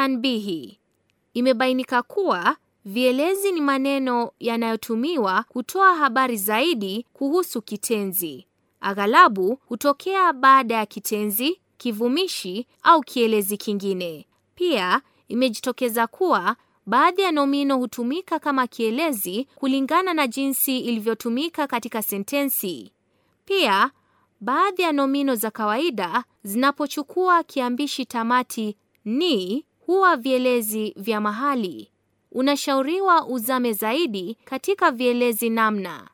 Tanbihi: imebainika kuwa vielezi ni maneno yanayotumiwa kutoa habari zaidi kuhusu kitenzi. Aghalabu hutokea baada ya kitenzi, kivumishi au kielezi kingine. Pia imejitokeza kuwa baadhi ya nomino hutumika kama kielezi kulingana na jinsi ilivyotumika katika sentensi. Pia baadhi ya nomino za kawaida zinapochukua kiambishi tamati ni huwa vielezi vya mahali. Unashauriwa uzame zaidi katika vielezi namna